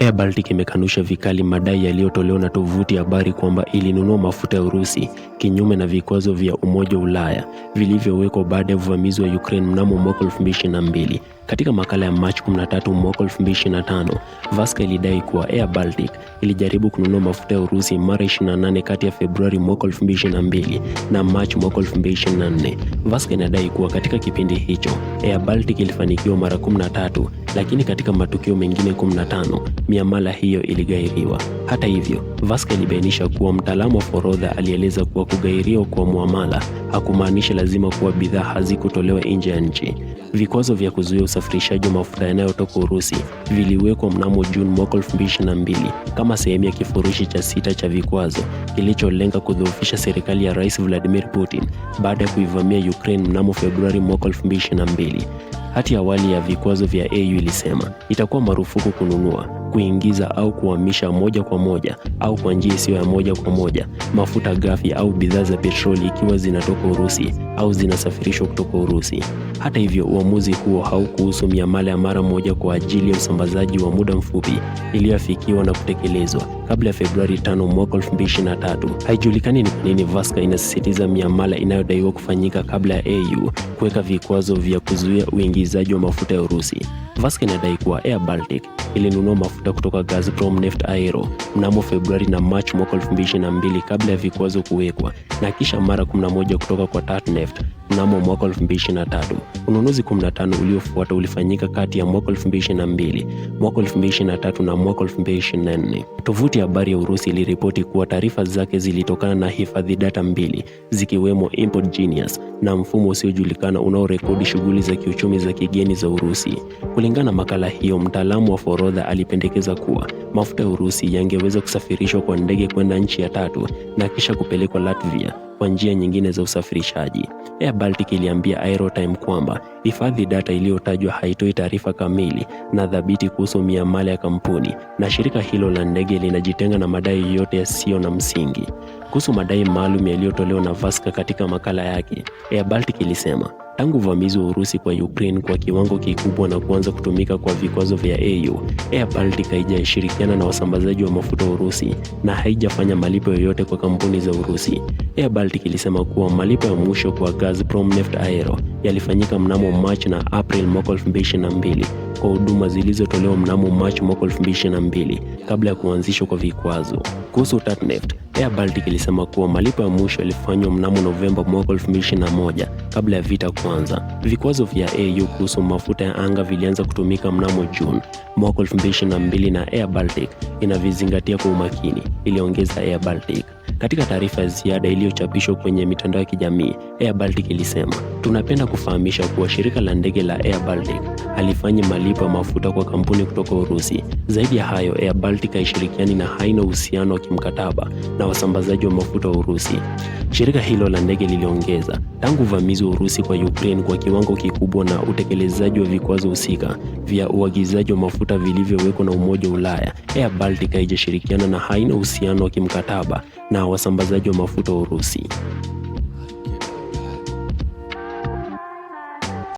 Air Baltic imekanusha vikali madai yaliyotolewa na tovuti ya habari kwamba ilinunua mafuta ya Urusi kinyume na vikwazo vya Umoja wa Ulaya vilivyowekwa baada ya uvamizi wa Ukraine mnamo mwaka 2022. Katika makala ya Machi 13 mwaka 2025, Vaska ilidai kuwa Air Baltic ilijaribu kununua mafuta ya Urusi mara 28 kati ya Februari mwaka 2022 na Machi mwaka 2024. Vaska inadai kuwa katika kipindi hicho, Air Baltic ilifanikiwa mara 13 lakini katika matukio mengine 15 miamala hiyo iligairiwa. Hata hivyo, Vaska ilibainisha kuwa mtaalamu wa forodha alieleza kuwa kugairiwa kwa muamala hakumaanishi lazima kuwa bidhaa hazikutolewa nje ya nchi. Vikwazo vya kuzuia usafirishaji wa mafuta yanayotoka Urusi viliwekwa mnamo Juni mwaka 2022 kama sehemu ya kifurushi cha sita cha vikwazo kilicholenga kudhoofisha serikali ya Rais Vladimir Putin baada ya kuivamia Ukraine mnamo Februari mwaka 2022. Hati ya awali ya vikwazo vya AU ilisema itakuwa marufuku kununua, kuingiza au kuhamisha moja kwa moja au kwa njia isiyo ya moja kwa moja mafuta ghafi au bidhaa za petroli ikiwa zinatoka Urusi au zinasafirishwa kutoka Urusi. Hata hivyo, uamuzi huo haukuhusu miamala ya mara moja kwa ajili ya usambazaji wa muda mfupi iliyoafikiwa na kutekelezwa kabla ya Februari 5 mwaka 2023. Haijulikani ni kwa nini Vasca inasisitiza miamala inayodaiwa kufanyika kabla ya AU kuweka vikwazo vya kuzuia uingizaji wa mafuta ya Urusi. vasca inadai kuwa Air Baltic ilinunua mafuta kutoka Gazprom Neft Aero mnamo Februari na Machi mwaka 2022 kabla ya vikwazo kuwekwa na kisha mara 11 kutoka kwa Tatneft mnamo mwaka 2023. Ununuzi 15 uliofuata ulifanyika kati ya mwaka 2022, mwaka 2023 na mwaka 2024. Tovuti ya habari ya Urusi iliripoti kuwa taarifa zake zilitokana na hifadhi data mbili zikiwemo Import Genius na mfumo usiojulikana unaorekodi shughuli za kiuchumi za kigeni za Urusi. Kulingana na makala hiyo, mtaalamu wa forodha alipendekeza kuwa mafuta ya Urusi yangeweza kusafirishwa kwa ndege kwenda nchi ya tatu na kisha kupelekwa Latvia kwa njia nyingine za usafirishaji. Air Baltic iliambia Aerotime kwamba hifadhi data iliyotajwa haitoi taarifa kamili na dhabiti kuhusu miamala ya kampuni na shirika hilo la ndege linajitenga na madai yote yasiyo na msingi. Kuhusu madai maalum yaliyotolewa na Vaska katika makala yake, Air Baltic ilisema Tangu uvamizi wa Urusi kwa Ukraine kwa kiwango kikubwa na kuanza kutumika kwa vikwazo vya EU, Air Baltic haijashirikiana na wasambazaji wa mafuta wa Urusi na haijafanya malipo yoyote kwa kampuni za Urusi. Air Baltic ilisema kuwa malipo ya mwisho kwa Gazprom Neft Aero yalifanyika mnamo Machi na April mwaka 2022 kwa huduma zilizotolewa mnamo Machi mwaka 2022 kabla ya kuanzishwa kwa vikwazo. Kuhusu TATNEFT, Air Baltic ilisema kuwa malipo ya mwisho yalifanywa mnamo Novemba mwaka 2021 kabla ya vita kuanza. Vikwazo vya EU kuhusu mafuta ya anga vilianza kutumika mnamo Juni mwaka 2022 na Air Baltic inavizingatia kwa umakini, iliongeza Air Baltic. Katika taarifa ya ziada iliyochapishwa kwenye mitandao ya kijamii, Air Baltic ilisema, tunapenda kufahamisha kuwa shirika la ndege la Air Baltic halifanyi malipo ya mafuta kwa kampuni kutoka Urusi. Zaidi ya hayo, Air Baltic haishirikiani na haina uhusiano wa kimkataba na wasambazaji wa mafuta wa Urusi. Shirika hilo la ndege liliongeza, tangu uvamizi wa Urusi kwa Ukraine kwa kiwango kikubwa na utekelezaji wa vikwazo husika vya uagizaji wa mafuta vilivyowekwa na Umoja wa Ulaya, Air Baltica haijashirikiana na haina uhusiano wa kimkataba na wasambazaji wa mafuta wa Urusi.